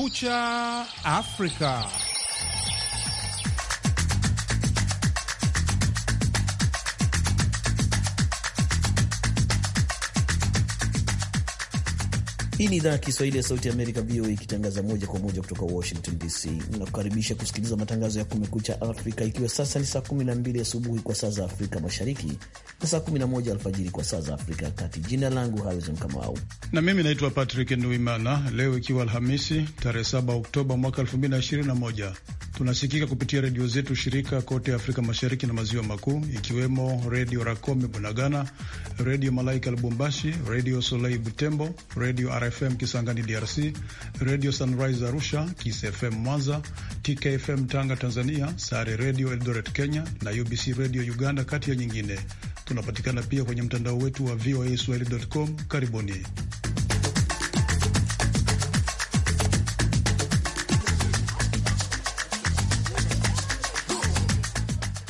Kumekucha Afrika. Hii ni idhaa ya Kiswahili ya Sauti ya Amerika, VOA, ikitangaza moja kwa moja kutoka Washington DC. Inakukaribisha kusikiliza matangazo ya Kumekucha Afrika, ikiwa sasa ni saa 12 asubuhi kwa saa za Afrika Mashariki na saa 11 alfajiri kwa saa za Afrika ya Kati. Jina langu Harrison Kamau na mimi naitwa Patrick Nduimana. Leo ikiwa Alhamisi tarehe 7 Oktoba mwaka 2021, tunasikika kupitia redio zetu shirika kote Afrika Mashariki na Maziwa Makuu, ikiwemo Redio Rakome Bunagana, Redio Malaika Lubumbashi, Redio Solei Butembo, Redio RFM Kisangani DRC, Redio Sunrise Arusha, KisFM Mwanza, TKFM Tanga Tanzania, Sare Redio Eldoret Kenya na UBC Redio Uganda, kati ya nyingine. Tunapatikana pia kwenye mtandao wetu wa VOA Swahili.com. Karibuni.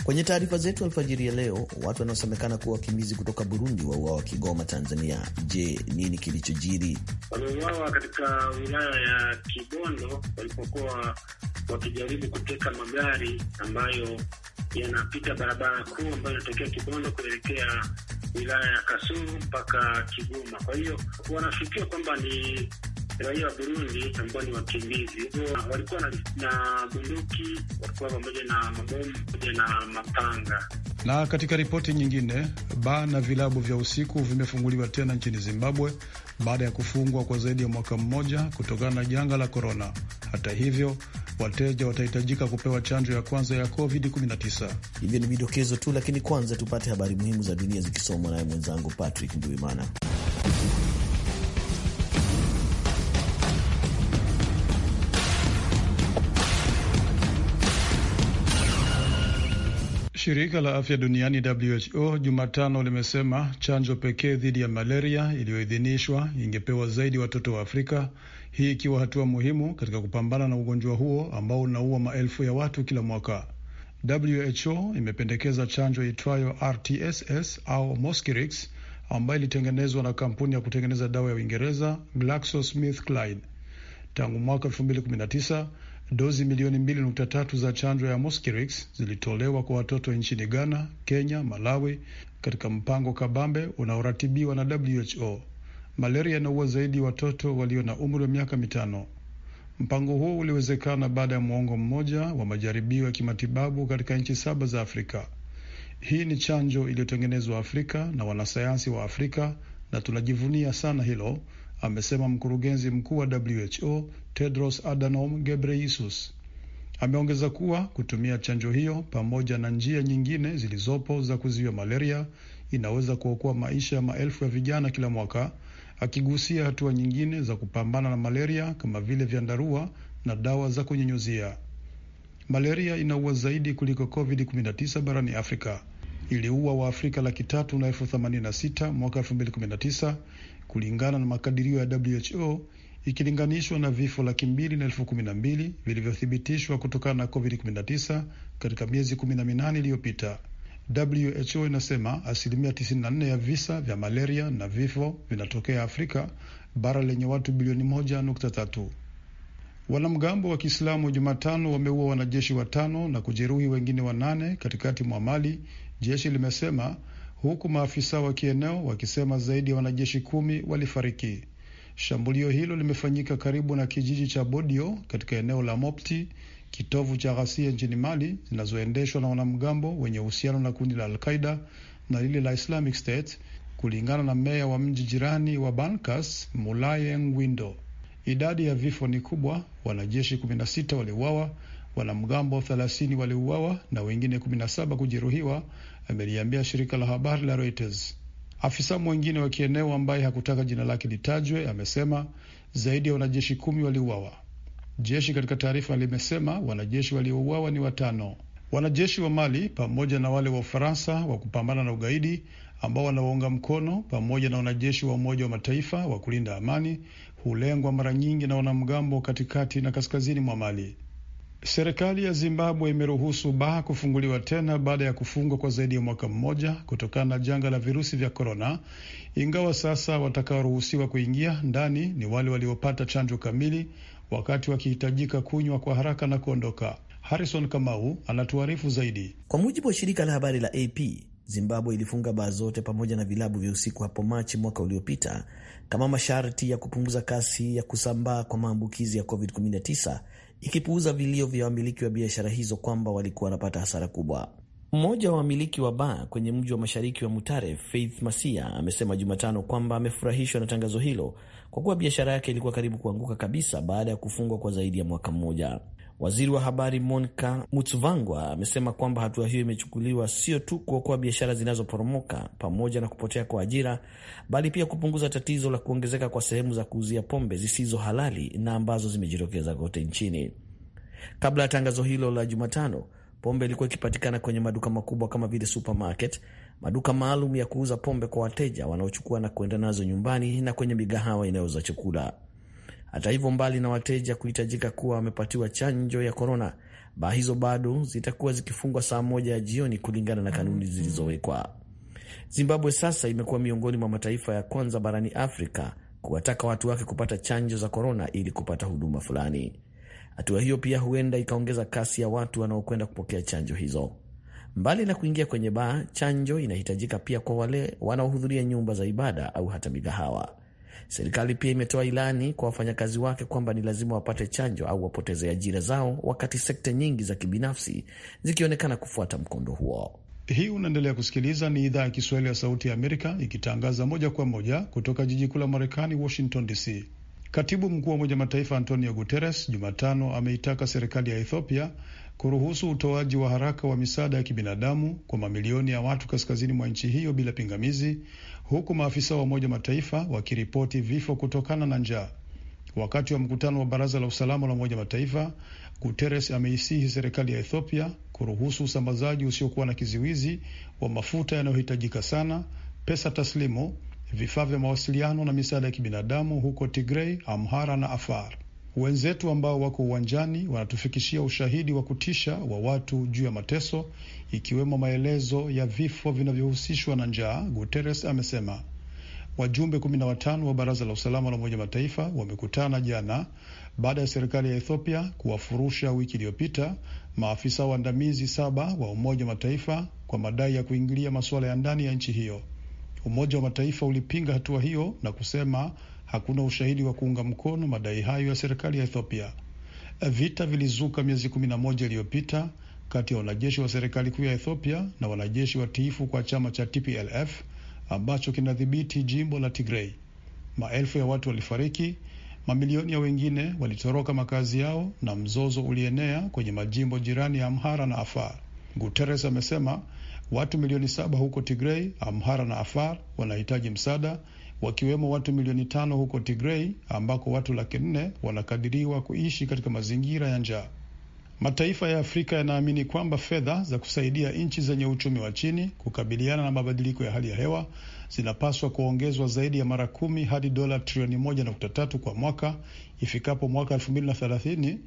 Kwenye taarifa zetu alfajiri ya leo, watu wanaosemekana kuwa wakimbizi kutoka Burundi wauawa Kigoma, Tanzania. Je, nini kilichojiri? Wameuawa katika wilaya ya Kibondo walipokuwa wakijaribu kuteka magari ambayo yanapita barabara kuu ambayo inatokea Kibondo kuelekea wilaya ya Kasulu mpaka Kigoma. Kwa hiyo wanafikia kwamba ni raia wa Burundi ambao ni wakimbizi, walikuwa na, na bunduki, walikuwa pamoja na mabomu pamoja na mapanga. Na katika ripoti nyingine, baa na vilabu vya usiku vimefunguliwa tena nchini Zimbabwe baada ya kufungwa kwa zaidi ya mwaka mmoja kutokana na janga la korona. Hata hivyo wateja watahitajika kupewa chanjo ya kwanza ya COVID-19. Hivyo ni vidokezo tu, lakini kwanza tupate habari muhimu za dunia zikisomwa naye mwenzangu Patrick Nduimana. Shirika la afya duniani WHO Jumatano limesema chanjo pekee dhidi ya malaria iliyoidhinishwa ingepewa zaidi watoto wa Afrika hii ikiwa hatua muhimu katika kupambana na ugonjwa huo ambao unaua maelfu ya watu kila mwaka. WHO imependekeza chanjo itwayo RTSS au Mosquirix ambayo ilitengenezwa na kampuni ya kutengeneza dawa ya Uingereza GlaxoSmithKline. Tangu mwaka 2019 dozi milioni 2.3 za chanjo ya Mosquirix zilitolewa kwa watoto nchini Ghana, Kenya, Malawi katika mpango kabambe unaoratibiwa na WHO malaria inaua zaidi watoto walio na umri wa miaka mitano. Mpango huo uliwezekana baada ya mwongo mmoja wa majaribio ya kimatibabu katika nchi saba za Afrika. Hii ni chanjo iliyotengenezwa Afrika na wanasayansi wa Afrika na tunajivunia sana hilo, amesema mkurugenzi mkuu wa WHO Tedros Adhanom Ghebreyesus. Ameongeza kuwa kutumia chanjo hiyo pamoja na njia nyingine zilizopo za kuzuia malaria inaweza kuokoa maisha ya maelfu ya vijana kila mwaka akigusia hatua nyingine za kupambana na malaria kama vile vyandarua na dawa za kunyunyuzia. Malaria inaua zaidi kuliko COVID-19 barani Afrika. Iliua Afrika laki tatu na elfu themanini na sita mwaka 2019 kulingana na makadirio ya WHO ikilinganishwa na vifo laki mbili na elfu kumi na mbili vilivyothibitishwa kutokana na COVID-19 katika miezi minane iliyopita. WHO inasema asilimia 94 ya visa vya malaria na vifo vinatokea Afrika, bara lenye watu bilioni 1.3. Wanamgambo wa Kiislamu Jumatano wameua wanajeshi watano na kujeruhi wengine wanane katikati mwa Mali, jeshi limesema, huku maafisa wa kieneo wakisema zaidi ya wanajeshi kumi walifariki. Shambulio hilo limefanyika karibu na kijiji cha Bodio katika eneo la Mopti, kitovu cha ghasia nchini Mali zinazoendeshwa na wanamgambo wenye uhusiano na kundi la Alqaida na lile la Islamic State, kulingana na meya wa mji jirani wa Bankas, Mulaye Ngwindo. Idadi ya vifo ni kubwa, wanajeshi 16 waliuawa, wanamgambo 30 waliuawa na wengine 17 kujeruhiwa, ameliambia shirika la habari la Reuters. Afisa mwengine wa kieneo ambaye hakutaka jina lake litajwe amesema zaidi ya wanajeshi kumi waliuawa. Jeshi katika taarifa limesema wanajeshi waliouawa ni watano. Wanajeshi wa Mali pamoja na wale wa Ufaransa wa kupambana na ugaidi ambao wanawaunga mkono pamoja na wanajeshi wa Umoja wa Mataifa wa kulinda amani hulengwa mara nyingi na wanamgambo katikati na kaskazini mwa Mali. Serikali ya Zimbabwe imeruhusu baa kufunguliwa tena baada ya kufungwa kwa zaidi ya mwaka mmoja kutokana na janga la virusi vya korona, ingawa sasa watakaoruhusiwa kuingia ndani ni wale waliopata chanjo kamili wakati wakihitajika kunywa kwa haraka na kuondoka. Harrison Kamau anatuarifu zaidi. Kwa mujibu wa shirika la habari la AP, Zimbabwe ilifunga baa zote pamoja na vilabu vya usiku hapo Machi mwaka uliopita kama masharti ya kupunguza kasi ya kusambaa kwa maambukizi ya COVID-19, ikipuuza vilio vya wamiliki wa biashara hizo kwamba walikuwa wanapata hasara kubwa. Mmoja wa wamiliki wa baa kwenye mji wa mashariki wa Mutare, Faith Masia, amesema Jumatano kwamba amefurahishwa na tangazo hilo kwa kuwa biashara yake ilikuwa karibu kuanguka kabisa baada ya kufungwa kwa zaidi ya mwaka mmoja. Waziri wa habari Monica Mutsvangwa amesema kwamba hatua hiyo imechukuliwa sio tu kuokoa biashara zinazoporomoka pamoja na kupotea kwa ajira, bali pia kupunguza tatizo la kuongezeka kwa sehemu za kuuzia pombe zisizo halali na ambazo zimejitokeza kote nchini. Kabla ya tangazo hilo la Jumatano, Pombe ilikuwa ikipatikana kwenye maduka makubwa kama vile supermarket, maduka maalum ya kuuza pombe kwa wateja wanaochukua na kuenda nazo nyumbani na kwenye migahawa inayouza chakula. Hata hivyo, mbali na wateja kuhitajika kuwa wamepatiwa chanjo ya korona, baa hizo bado zitakuwa zikifungwa saa moja ya jioni kulingana na kanuni zilizowekwa. Zimbabwe sasa imekuwa miongoni mwa mataifa ya kwanza barani Afrika kuwataka watu wake kupata chanjo za korona ili kupata huduma fulani. Hatua hiyo pia huenda ikaongeza kasi ya watu wanaokwenda kupokea chanjo hizo. Mbali na kuingia kwenye baa, chanjo inahitajika pia kwa wale wanaohudhuria nyumba za ibada au hata migahawa. Serikali pia imetoa ilani kwa wafanyakazi wake kwamba ni lazima wapate chanjo au wapoteze ajira zao, wakati sekta nyingi za kibinafsi zikionekana kufuata mkondo huo. Hii unaendelea kusikiliza, ni idhaa ya Kiswahili ya Sauti ya Amerika ikitangaza moja kwa moja kutoka jiji kuu la Marekani, Washington DC. Katibu mkuu wa Umoja Mataifa Antonio Guterres Jumatano ameitaka serikali ya Ethiopia kuruhusu utoaji wa haraka wa misaada ya kibinadamu kwa mamilioni ya watu kaskazini mwa nchi hiyo bila pingamizi, huku maafisa wa Umoja Mataifa wakiripoti vifo kutokana na njaa. Wakati wa mkutano wa Baraza la Usalama la Umoja Mataifa, Guterres ameisihi serikali ya Ethiopia kuruhusu usambazaji usiokuwa na kiziwizi wa mafuta yanayohitajika sana, pesa taslimu vifaa vya mawasiliano na misaada ya kibinadamu huko Tigrei, Amhara na Afar. Wenzetu ambao wako uwanjani wanatufikishia ushahidi wa kutisha wa watu juu ya mateso, ikiwemo maelezo ya vifo vinavyohusishwa na njaa, Guterres amesema. Wajumbe 15 wa Baraza la Usalama la Umoja Mataifa wamekutana jana baada ya serikali ya Ethiopia kuwafurusha wiki iliyopita maafisa waandamizi saba wa Umoja Mataifa kwa madai ya kuingilia masuala ya ndani ya nchi hiyo. Umoja wa Mataifa ulipinga hatua hiyo na kusema hakuna ushahidi wa kuunga mkono madai hayo ya serikali ya Ethiopia. Vita vilizuka miezi kumi na moja iliyopita kati ya wanajeshi wa serikali kuu ya Ethiopia na wanajeshi watiifu kwa chama cha TPLF ambacho kinadhibiti jimbo la Tigrei. Maelfu ya watu walifariki, mamilioni ya wengine walitoroka makazi yao na mzozo ulienea kwenye majimbo jirani ya Amhara na Afar. Guterres amesema Watu milioni saba huko Tigrei, Amhara na Afar wanahitaji msaada, wakiwemo watu milioni tano huko Tigrei ambako watu laki nne wanakadiriwa kuishi katika mazingira ya njaa. Mataifa ya Afrika yanaamini kwamba fedha za kusaidia nchi zenye uchumi wa chini kukabiliana na mabadiliko ya hali ya hewa zinapaswa kuongezwa zaidi ya mara kumi hadi dola trilioni moja nukta tatu kwa mwaka ifikapo mwaka elfu mbili na thelathini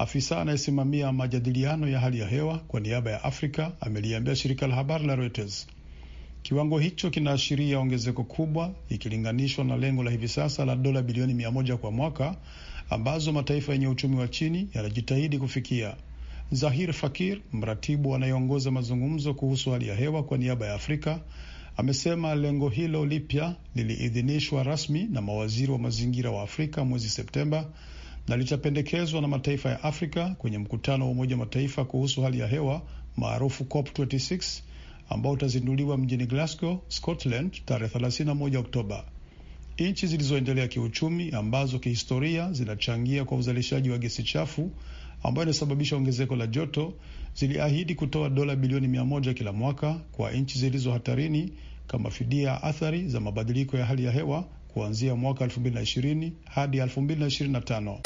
Afisa anayesimamia majadiliano ya hali ya hewa kwa niaba ya Afrika ameliambia shirika la habari la Reuters kiwango hicho kinaashiria ongezeko kubwa ikilinganishwa na lengo la hivi sasa la dola bilioni mia moja kwa mwaka ambazo mataifa yenye uchumi wa chini yanajitahidi kufikia. Zahir Fakir, mratibu anayeongoza mazungumzo kuhusu hali ya hewa kwa niaba ya Afrika, amesema lengo hilo lipya liliidhinishwa rasmi na mawaziri wa mazingira wa Afrika mwezi Septemba na litapendekezwa na mataifa ya Afrika kwenye mkutano wa Umoja Mataifa kuhusu hali ya hewa maarufu COP 26 ambao utazinduliwa mjini Glasgow, Scotland tarehe 31 Oktoba. Nchi zilizoendelea kiuchumi ambazo kihistoria zinachangia kwa uzalishaji wa gesi chafu ambayo inasababisha ongezeko la joto ziliahidi kutoa dola bilioni mia moja kila mwaka kwa nchi zilizo hatarini kama fidia ya athari za mabadiliko ya hali ya hewa kuanzia mwaka 2020 hadi 2025.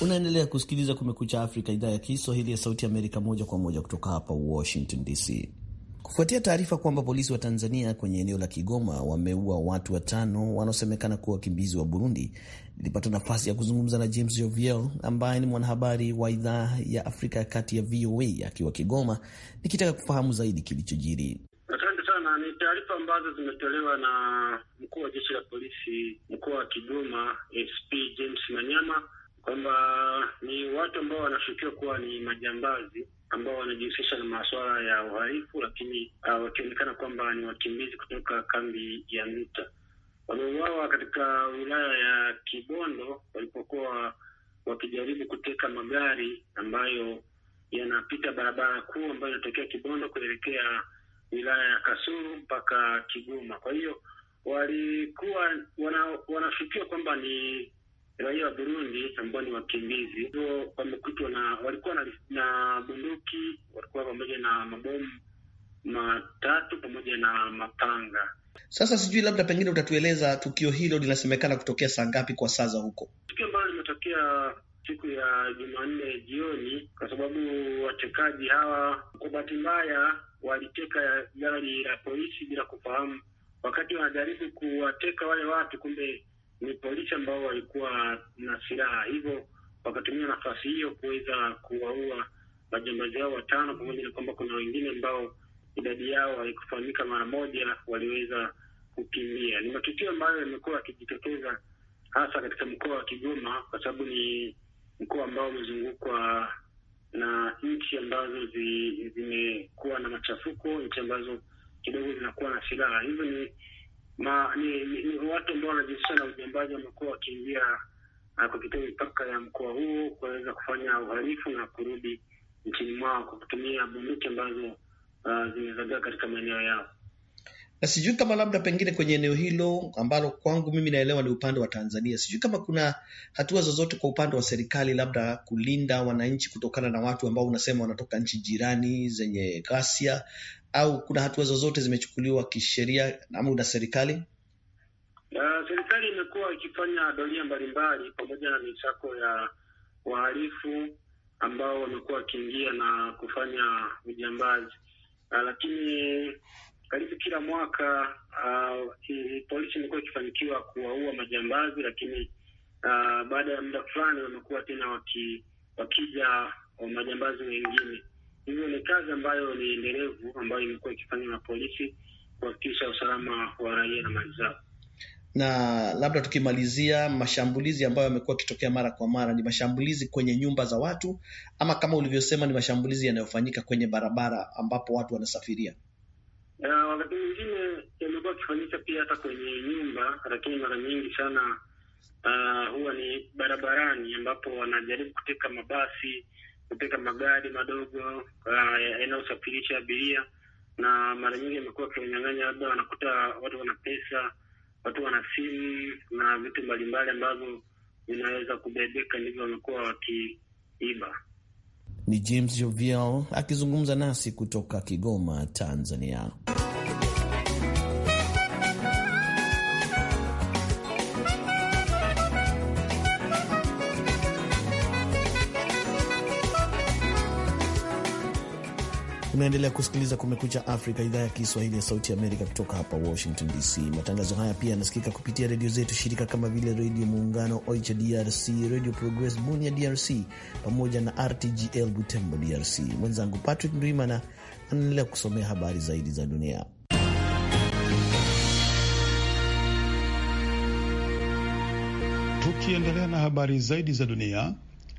Unaendelea kusikiliza Kumekucha Afrika, idhaa ya Kiswahili ya Sauti Amerika, moja kwa moja kutoka hapa Washington DC kufuatia taarifa kwamba polisi wa Tanzania kwenye eneo la Kigoma wameua watu watano wanaosemekana kuwa wakimbizi wa Burundi. Nilipata nafasi ya kuzungumza na James Joviel ambaye ni mwanahabari wa idhaa ya Afrika ya kati ya VOA akiwa Kigoma, nikitaka kufahamu zaidi kilichojiri. Asante sana. Ni taarifa ambazo zimetolewa na mkuu wa jeshi la polisi mkoa wa Kigoma, SP James Manyama kwamba ni watu ambao wanashukiwa kuwa ni majambazi ambao wanajihusisha na masuala ya uhalifu, lakini uh, wakionekana kwamba ni wakimbizi kutoka kambi ya Mita. Wameuawa katika wilaya ya Kibondo walipokuwa wakijaribu kuteka magari ambayo yanapita barabara kuu ambayo inatokea Kibondo kuelekea wilaya ya Kasulu mpaka Kigoma. Kwa hiyo walikuwa wanashukiwa kwamba ni raia wa Burundi ambao ni wakimbizi, hivyo wamekutwa na walikuwa na, na bunduki walikuwa pamoja na mabomu matatu pamoja na mapanga. Sasa sijui labda pengine utatueleza tukio hilo linasemekana kutokea saa ngapi kwa saa za huko? Tukio ambalo limetokea siku ya Jumanne jioni, kwa sababu watekaji hawa kwa bahati mbaya waliteka gari la polisi bila kufahamu. Wakati wanajaribu kuwateka wale watu, kumbe ni polisi ambao walikuwa na silaha, hivyo wakatumia nafasi hiyo kuweza kuwaua majambazi hao watano, pamoja na kwamba kuna wengine ambao idadi yao haikufahamika mara moja, waliweza kukimbia. Ni matukio ambayo yamekuwa yakijitokeza hasa katika mkoa wa Kigoma kwa sababu ni mkoa ambao umezungukwa na nchi ambazo zimekuwa na machafuko, nchi ambazo kidogo zinakuwa na silaha, hivyo ni ma, ni, ni, ni watu ambao wanajihusisha na ujambazi wamekuwa wakiingia uh, kupitia mipaka ya mkoa huo kuweza kufanya uhalifu na kurudi nchini mwao kwa kutumia bunduki ambazo uh, zimezagaa katika maeneo yao na sijui kama labda pengine kwenye eneo hilo ambalo kwangu mimi naelewa ni upande wa Tanzania, sijui kama kuna hatua zozote kwa upande wa serikali labda kulinda wananchi kutokana na watu ambao unasema wanatoka nchi jirani zenye ghasia, au kuna hatua zozote zimechukuliwa kisheria ama na serikali? Uh, serikali imekuwa ikifanya doria mbalimbali pamoja na misako ya wahalifu ambao wamekuwa wakiingia na kufanya ujambazi. Uh, lakini karibu kila mwaka uh, polisi imekuwa ikifanikiwa kuwaua majambazi, lakini uh, baada ya muda fulani wamekuwa tena waki, wakija majambazi wengine. Hivyo ni kazi ambayo ni endelevu ambayo imekuwa ikifanywa na polisi kuhakikisha usalama wa raia na mali zao. Na labda tukimalizia, mashambulizi ambayo yamekuwa yakitokea mara kwa mara ni mashambulizi kwenye nyumba za watu ama kama ulivyosema, ni mashambulizi yanayofanyika kwenye barabara ambapo watu wanasafiria? Eh, wakati mwingine imekuwa akifanyika pia hata kwenye nyumba, lakini mara nyingi sana uh, huwa ni barabarani ambapo wanajaribu kuteka mabasi, kuteka magari madogo eh, yanayosafirisha uh, abiria, na mara nyingi amekuwa akiwanyang'anya, labda wanakuta watu wana pesa, watu wana simu na vitu mbalimbali ambavyo vinaweza kubebeka, ndivyo wamekuwa wakiiba. Ni James Jovial akizungumza nasi kutoka Kigoma, Tanzania. Unaendelea kusikiliza Kumekucha Afrika, idhaa ya Kiswahili ya Sauti Amerika kutoka hapa Washington DC. Matangazo haya pia yanasikika kupitia redio zetu shirika kama vile Redio Muungano Oicha DRC, Redio Progress Bunia DRC, pamoja na RTGL Butembo DRC. Mwenzangu Patrick ndwimana anaendelea kusomea habari zaidi za dunia. Tukiendelea na habari zaidi za dunia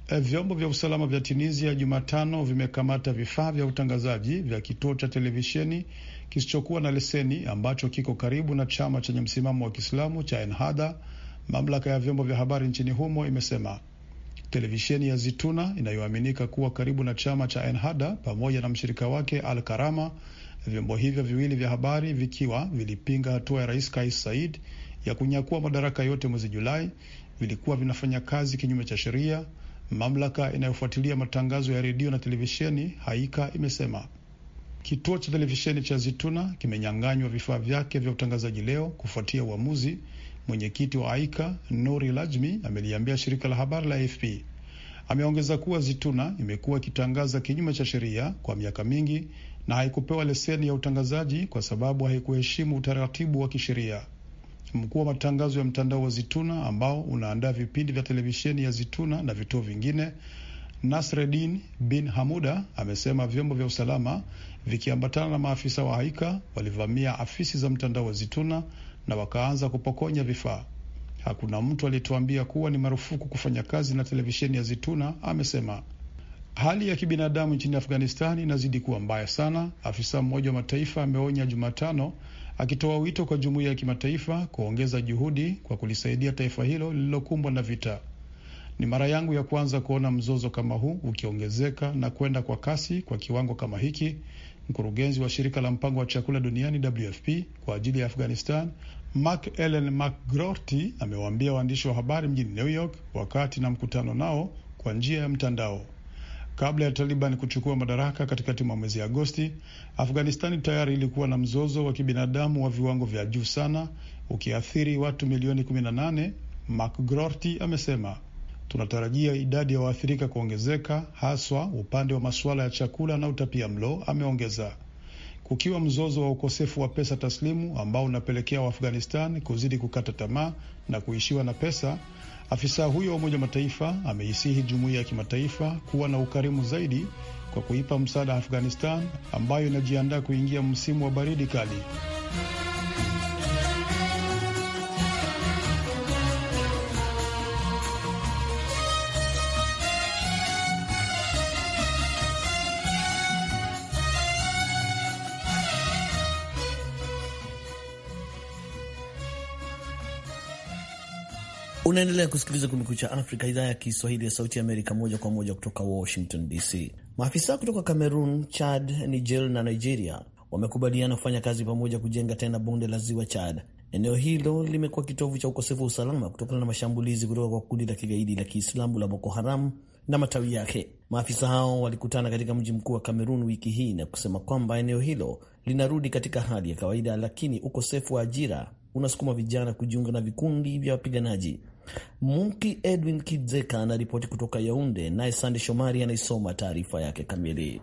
Eh, vyombo vya usalama vya Tunisia Jumatano vimekamata vifaa vya utangazaji vya kituo cha televisheni kisichokuwa na leseni ambacho kiko karibu na chama chenye msimamo wa Kiislamu cha Ennahda. Mamlaka ya vyombo vya habari nchini humo imesema televisheni ya Zituna inayoaminika kuwa karibu na chama cha Ennahda pamoja na mshirika wake Al Karama, vyombo hivyo viwili vya habari vikiwa vilipinga hatua ya Rais Kais said ya kunyakua madaraka yote mwezi Julai, vilikuwa vinafanya kazi kinyume cha sheria mamlaka inayofuatilia matangazo ya redio na televisheni Haika imesema kituo cha televisheni cha Zituna kimenyang'anywa vifaa vyake vya utangazaji leo kufuatia uamuzi. Mwenyekiti wa Aika Nuri Lajmi ameliambia shirika la habari la AFP. Ameongeza kuwa Zituna imekuwa ikitangaza kinyume cha sheria kwa miaka mingi na haikupewa leseni ya utangazaji kwa sababu haikuheshimu utaratibu wa kisheria mkuu wa matangazo ya mtandao wa Zituna ambao unaandaa vipindi vya televisheni ya Zituna na vituo vingine, Nasreddin bin Hamuda amesema vyombo vya usalama vikiambatana na maafisa wa Haika walivamia afisi za mtandao wa Zituna na wakaanza kupokonya vifaa. Hakuna mtu aliyetuambia kuwa ni marufuku kufanya kazi na televisheni ya Zituna, amesema. Hali ya kibinadamu nchini Afghanistani inazidi kuwa mbaya sana, afisa mmoja wa mataifa ameonya Jumatano akitoa wito kwa jumuiya ya kimataifa kuongeza juhudi kwa kulisaidia taifa hilo lililokumbwa na vita. Ni mara yangu ya kwanza kuona mzozo kama huu ukiongezeka na kwenda kwa kasi kwa kiwango kama hiki, mkurugenzi wa shirika la mpango wa chakula duniani WFP kwa ajili ya Afghanistan Mark Ellen McGroarty amewaambia waandishi wa habari mjini New York wakati na mkutano nao kwa njia ya mtandao. Kabla ya Taliban kuchukua madaraka katikati mwa mwezi Agosti, Afghanistani tayari ilikuwa na mzozo wa kibinadamu wa viwango vya juu sana ukiathiri watu milioni 18. McGrorty amesema tunatarajia idadi ya waathirika kuongezeka haswa upande wa masuala ya chakula na utapia mlo. Ameongeza kukiwa mzozo wa ukosefu wa pesa taslimu ambao unapelekea Waafghanistani kuzidi kukata tamaa na kuishiwa na pesa. Afisa huyo wa Umoja Mataifa ameisihi jumuiya ya kimataifa kuwa na ukarimu zaidi kwa kuipa msaada Afghanistan ambayo inajiandaa kuingia msimu wa baridi kali. Unaendelea kusikiliza Kumekucha Afrika, idhaa ya Kiswahili ya Sauti Amerika, moja kwa moja kutoka Washington DC. Maafisa kutoka Cameroon, Chad, Niger na Nigeria wamekubaliana kufanya kazi pamoja kujenga tena bonde la ziwa Chad. Eneo hilo limekuwa kitovu cha ukosefu wa usalama kutokana na mashambulizi kutoka kwa kundi la kigaidi la Kiislamu la Boko Haram na matawi yake. Maafisa hao walikutana katika mji mkuu wa Kamerun wiki hii na kusema kwamba eneo hilo linarudi katika hali ya kawaida, lakini ukosefu wa ajira unasukuma vijana kujiunga na vikundi vya wapiganaji. Munki Edwin Kidzeka anaripoti kutoka Yaunde, naye Sande Shomari anaisoma taarifa yake kamili.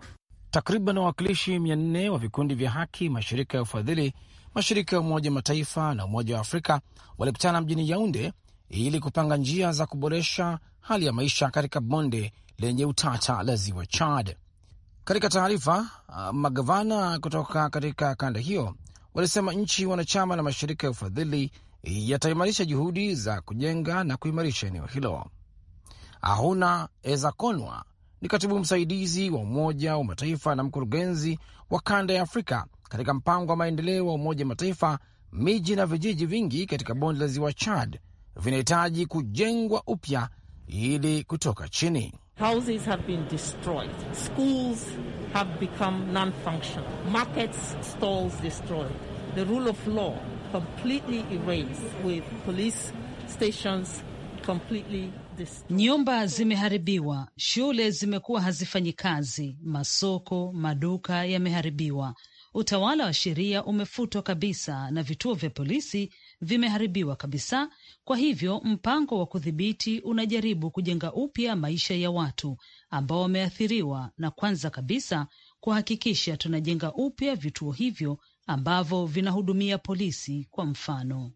Takriban wawakilishi mia nne wa vikundi vya haki, mashirika ya ufadhili, mashirika ya Umoja Mataifa na Umoja wa Afrika walikutana mjini Yaunde ili kupanga njia za kuboresha hali ya maisha katika bonde lenye utata la ziwa Chad. Katika taarifa, uh, magavana kutoka katika kanda hiyo walisema nchi wanachama na mashirika ya ufadhili yataimarisha juhudi za kujenga na kuimarisha eneo hilo. Ahuna Ezakonwa ni katibu msaidizi wa Umoja wa Mataifa na mkurugenzi wa kanda ya Afrika katika mpango wa maendeleo wa Umoja wa Mataifa. Miji na vijiji vingi katika bonde la ziwa Chad vinahitaji kujengwa upya ili kutoka chini completely erased with police stations completely Nyumba zimeharibiwa, shule zimekuwa hazifanyi kazi, masoko, maduka yameharibiwa, utawala wa sheria umefutwa kabisa na vituo vya polisi vimeharibiwa kabisa. Kwa hivyo mpango wa kudhibiti unajaribu kujenga upya maisha ya watu ambao wameathiriwa, na kwanza kabisa kuhakikisha tunajenga upya vituo hivyo ambavyo vinahudumia polisi kwa mfano.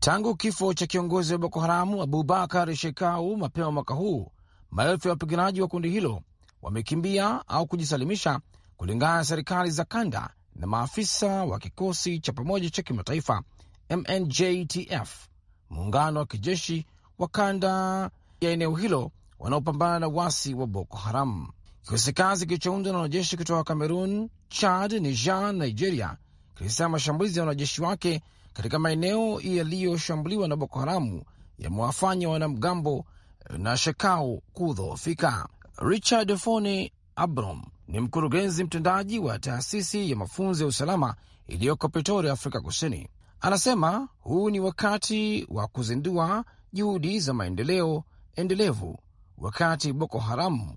Tangu kifo cha kiongozi wa Boko Haramu Abubakar Shekau mapema mwaka huu, maelfu ya wapiganaji wa kundi hilo wamekimbia au kujisalimisha, kulingana na serikali za kanda na maafisa wa kikosi cha pamoja cha kimataifa MNJTF, muungano wa kijeshi wa kanda ya eneo hilo wanaopambana na uasi wa Boko Haram. Kikosi kazi kilichoundwa na wanajeshi kutoka cameron Chad, Niger, Nigeria Tisa mashambulizi ya wanajeshi wake katika maeneo yaliyoshambuliwa na Boko Haramu yamewafanya wanamgambo na Shekau kudhoofika. Richard Fone abrom ni mkurugenzi mtendaji wa taasisi ya mafunzo ya usalama iliyoko Pretoria, Afrika Kusini. Anasema huu ni wakati wa kuzindua juhudi za maendeleo endelevu, wakati Boko Haramu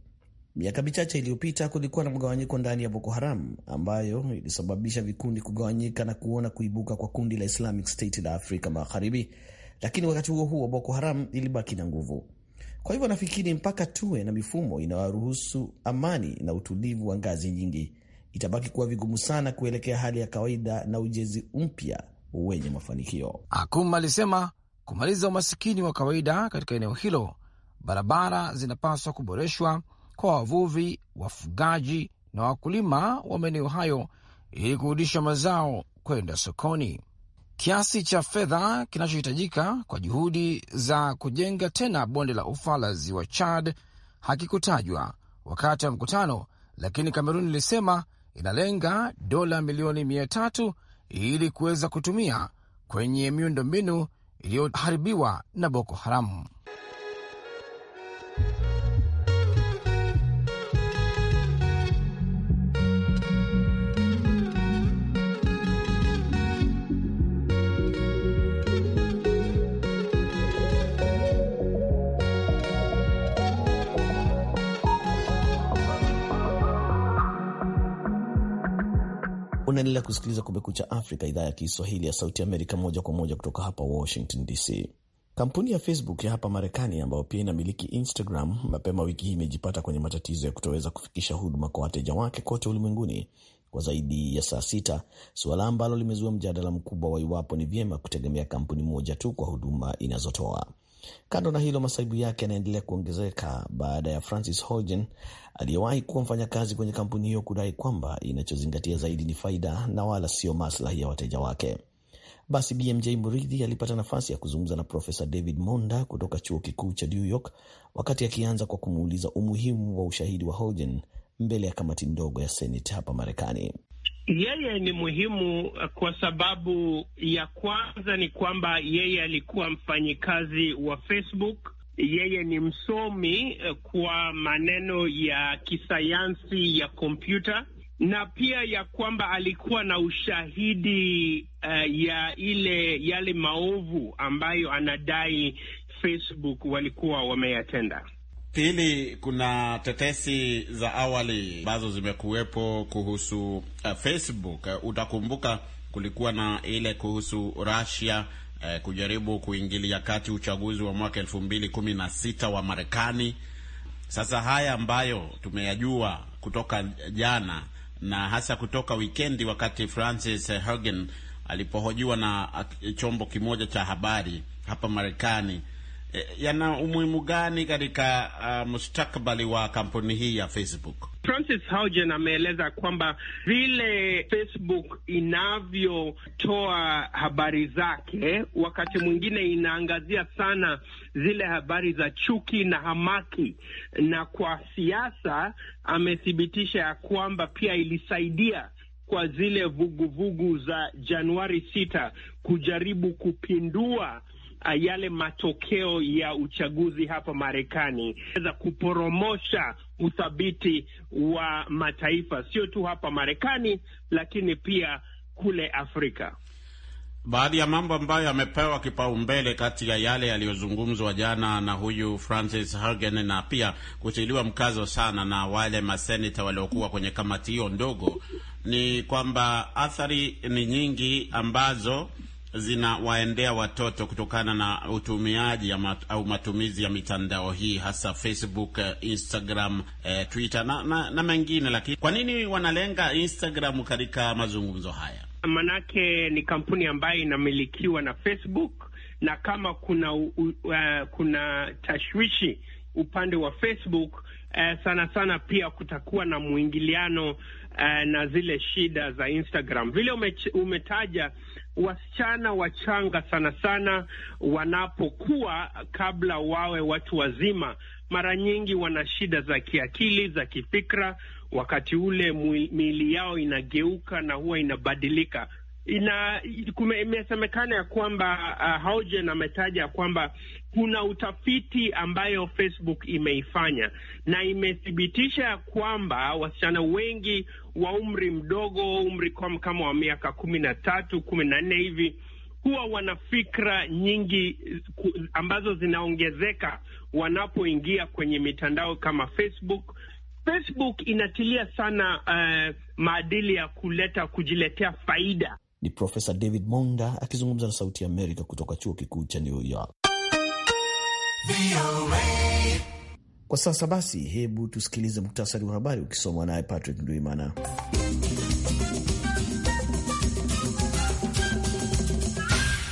Miaka michache iliyopita kulikuwa na mgawanyiko ndani ya Boko Haram ambayo ilisababisha vikundi kugawanyika na kuona kuibuka kwa kundi la Islamic State la Afrika Magharibi, lakini wakati huo huo Boko Haram ilibaki na nguvu. Kwa hivyo nafikiri mpaka tuwe na mifumo inayoruhusu amani na utulivu wa ngazi nyingi, itabaki kuwa vigumu sana kuelekea hali ya kawaida na ujenzi mpya wenye mafanikio. Akuma alisema kumaliza umasikini wa kawaida katika eneo hilo, barabara zinapaswa kuboreshwa kwa wavuvi, wafugaji na wakulima wa maeneo hayo ili kurudisha mazao kwenda sokoni. Kiasi cha fedha kinachohitajika kwa juhudi za kujenga tena bonde la ufa la ziwa Chad hakikutajwa wakati wa mkutano, lakini Kamerun ilisema inalenga dola milioni mia tatu ili kuweza kutumia kwenye miundo mbinu iliyoharibiwa na Boko Haramu. Unaendelea kusikiliza Kumekucha Afrika, idhaa ya Kiswahili ya Sauti Amerika, moja kwa moja kutoka hapa Washington DC. Kampuni ya Facebook ya hapa Marekani ambayo pia inamiliki Instagram mapema wiki hii imejipata kwenye matatizo ya kutoweza kufikisha huduma kwa wateja wake kote ulimwenguni kwa zaidi ya saa sita, suala ambalo limezua mjadala mkubwa wa iwapo ni vyema kutegemea kampuni moja tu kwa huduma inazotoa. Kando na hilo, masaibu yake yanaendelea kuongezeka baada ya Francis Hogen aliyewahi kuwa mfanyakazi kwenye kampuni hiyo kudai kwamba inachozingatia zaidi ni faida na wala sio maslahi ya wateja wake. Basi BMJ mridhi alipata nafasi ya kuzungumza na Profesa David Monda kutoka chuo kikuu cha New York, wakati akianza kwa kumuuliza umuhimu wa ushahidi wa Hogen mbele ya kamati ndogo ya Seneti hapa Marekani. Yeye ni muhimu uh, kwa sababu ya kwanza ni kwamba yeye alikuwa mfanyikazi wa Facebook. Yeye ni msomi uh, kwa maneno ya kisayansi ya kompyuta na pia ya kwamba alikuwa na ushahidi uh, ya ile yale maovu ambayo anadai Facebook walikuwa wameyatenda. Pili, kuna tetesi za awali ambazo zimekuwepo kuhusu uh, Facebook. Uh, utakumbuka kulikuwa na ile kuhusu Russia uh, kujaribu kuingilia kati uchaguzi wa mwaka elfu mbili kumi na sita wa Marekani. Sasa haya ambayo tumeyajua kutoka jana na hasa kutoka wikendi, wakati Francis Hogan alipohojiwa na chombo kimoja cha habari hapa Marekani Eh, yana umuhimu gani katika uh, mustakabali wa kampuni hii ya Facebook? Francis Haugen ameeleza kwamba vile Facebook inavyotoa habari zake, wakati mwingine inaangazia sana zile habari za chuki na hamaki, na kwa siasa amethibitisha ya kwamba pia ilisaidia kwa zile vuguvugu vugu za Januari sita kujaribu kupindua Uh, yale matokeo ya uchaguzi hapa Marekani za kuporomosha uthabiti wa mataifa sio tu hapa Marekani, lakini pia kule Afrika. Baadhi ya mambo ambayo yamepewa kipaumbele kati ya yale yaliyozungumzwa jana na huyu Francis hagen na pia kutiliwa mkazo sana na wale maseneta waliokuwa kwenye kamati hiyo ndogo ni kwamba athari ni nyingi ambazo zinawaendea watoto kutokana na utumiaji mat, au matumizi ya mitandao hii hasa Facebook, eh, Instagram, eh, Twitter na, na, na mengine. Lakini kwa nini wanalenga Instagram katika mazungumzo haya? Manake ni kampuni ambayo inamilikiwa na Facebook na kama kuna u, uh, kuna tashwishi upande wa Facebook uh, sana sana pia kutakuwa na mwingiliano uh, na zile shida za Instagram vile ume, umetaja wasichana wachanga sana sana wanapokuwa kabla wawe watu wazima, mara nyingi wana shida za kiakili, za kifikra. Wakati ule miili yao inageuka na huwa inabadilika ina imesemekana ya kwamba uh, Haugen ametaja kwamba kuna utafiti ambayo Facebook imeifanya na imethibitisha kwamba wasichana wengi wa umri mdogo, umri kama wa miaka kumi na tatu kumi na nne hivi huwa wana fikra nyingi ambazo zinaongezeka wanapoingia kwenye mitandao kama Facebook. Facebook inatilia sana uh, maadili ya kuleta kujiletea faida. Ni Profesa David Monda akizungumza na Sauti ya Amerika kutoka chuo kikuu cha New York. Kwa sasa basi, hebu tusikilize muktasari wa habari ukisomwa naye Patrick Ndwimana.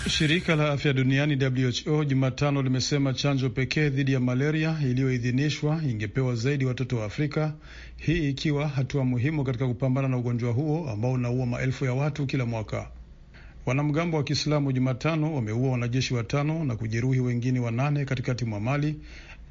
Shirika la afya duniani WHO Jumatano limesema chanjo pekee dhidi ya malaria iliyoidhinishwa ingepewa zaidi watoto wa Afrika hii ikiwa hatua muhimu katika kupambana na ugonjwa huo ambao unaua maelfu ya watu kila mwaka. Wanamgambo wa Kiislamu Jumatano wameua wanajeshi watano na kujeruhi wengine wanane katikati mwa Mali,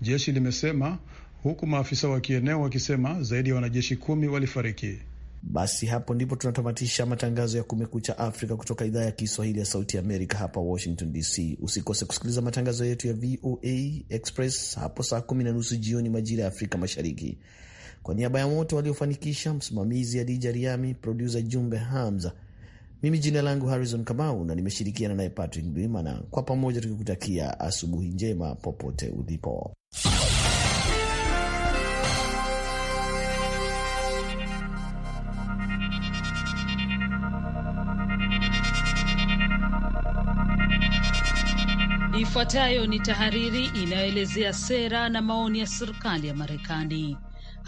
jeshi limesema, huku maafisa wa kieneo wakisema zaidi ya wanajeshi kumi walifariki. Basi hapo ndipo tunatamatisha matangazo ya Kumekucha Afrika kutoka idhaa ya Kiswahili ya Sauti Amerika hapa Washington DC. Usikose kusikiliza matangazo yetu ya VOA Express hapo saa kumi na nusu jioni majira ya Afrika Mashariki. Kwa niaba ya wote waliofanikisha, msimamizi Adija Riami, produsa Jumbe Hamza, mimi jina langu Harrison Kamau na nimeshirikiana naye Patrick Bimana, kwa pamoja tukikutakia asubuhi njema popote ulipo. Ifuatayo ni tahariri inayoelezea sera na maoni ya serikali ya Marekani.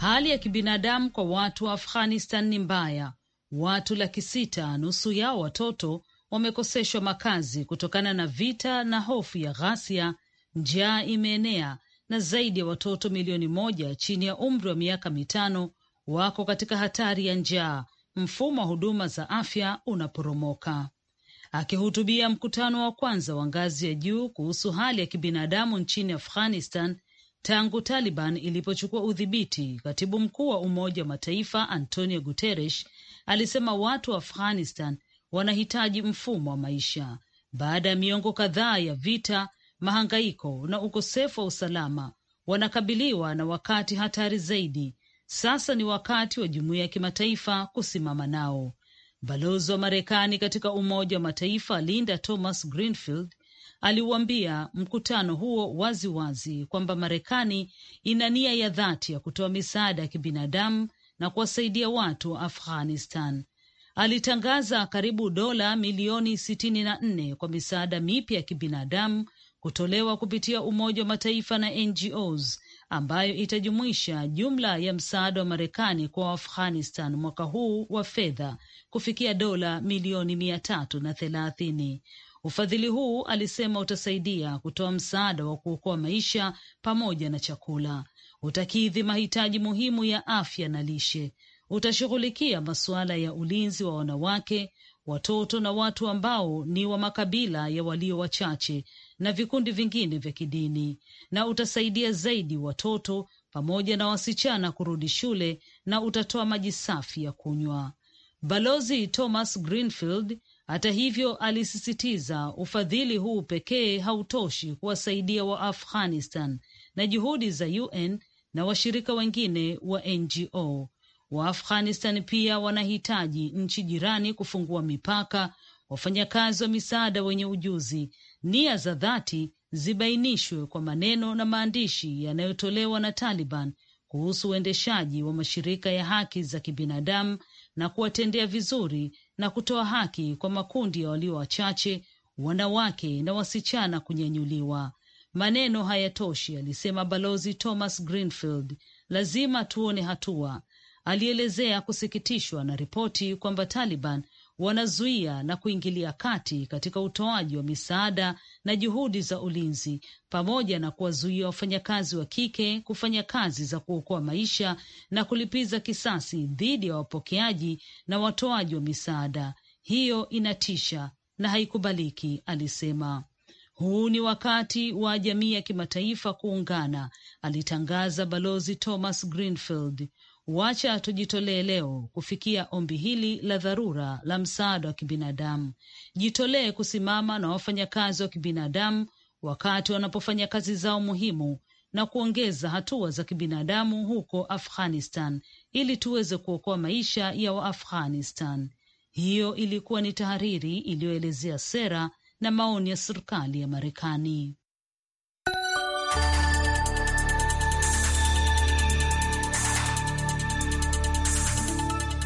Hali ya kibinadamu kwa watu wa Afghanistan ni mbaya. Watu laki sita, nusu yao watoto, wamekoseshwa makazi kutokana na vita na hofu ya ghasia. Njaa imeenea na zaidi ya watoto milioni moja chini ya umri wa miaka mitano wako katika hatari ya njaa. Mfumo wa huduma za afya unaporomoka. Akihutubia mkutano wa kwanza wa ngazi ya juu kuhusu hali ya kibinadamu nchini Afghanistan Tangu Taliban ilipochukua udhibiti, katibu mkuu wa Umoja wa Mataifa Antonio Guterres alisema watu wa Afghanistan wanahitaji mfumo wa maisha baada ya miongo kadhaa ya vita, mahangaiko na ukosefu wa usalama. Wanakabiliwa na wakati hatari zaidi. Sasa ni wakati wa jumuiya ya kimataifa kusimama nao. Balozi wa Marekani katika Umoja wa Mataifa Linda Thomas Greenfield aliuambia mkutano huo waziwazi kwamba Marekani ina nia ya dhati ya kutoa misaada ya kibinadamu na kuwasaidia watu wa Afghanistan. Alitangaza karibu dola milioni sitini na nne kwa misaada mipya ya kibinadamu kutolewa kupitia Umoja wa Mataifa na NGOs ambayo itajumuisha jumla ya msaada wa Marekani kwa Afghanistan mwaka huu wa fedha kufikia dola milioni mia tatu na thelathini. Ufadhili huu alisema utasaidia kutoa msaada wa kuokoa maisha pamoja na chakula, utakidhi mahitaji muhimu ya afya na lishe, utashughulikia masuala ya ulinzi wa wanawake, watoto na watu ambao ni wa makabila ya walio wachache na vikundi vingine vya kidini, na utasaidia zaidi watoto pamoja na wasichana kurudi shule na utatoa maji safi ya kunywa. Balozi Thomas Greenfield hata hivyo, alisisitiza ufadhili huu pekee hautoshi kuwasaidia wa Afghanistan na juhudi za UN na washirika wengine wa NGO. Waafghanistan pia wanahitaji nchi jirani kufungua mipaka, wafanyakazi wa misaada wenye ujuzi, nia za dhati zibainishwe kwa maneno na maandishi yanayotolewa na Taliban kuhusu uendeshaji wa mashirika ya haki za kibinadamu na kuwatendea vizuri na kutoa haki kwa makundi ya walio wachache, wanawake na wasichana kunyanyuliwa. Maneno hayatoshi, alisema Balozi Thomas Greenfield. Lazima tuone hatua. Alielezea kusikitishwa na ripoti kwamba Taliban wanazuia na kuingilia kati katika utoaji wa misaada na juhudi za ulinzi pamoja na kuwazuia wafanyakazi wa kike kufanya kazi za kuokoa maisha na kulipiza kisasi dhidi ya wapokeaji na watoaji wa misaada. Hiyo inatisha na haikubaliki, alisema. Huu ni wakati wa jamii ya kimataifa kuungana, alitangaza Balozi Thomas Greenfield. Wacha tujitolee leo kufikia ombi hili la dharura la msaada wa kibinadamu. Jitolee kusimama na wafanyakazi wa kibinadamu wakati wanapofanya kazi zao muhimu na kuongeza hatua za kibinadamu huko Afghanistan ili tuweze kuokoa maisha ya Waafghanistan. Hiyo ilikuwa ni tahariri iliyoelezea sera na maoni ya serikali ya Marekani.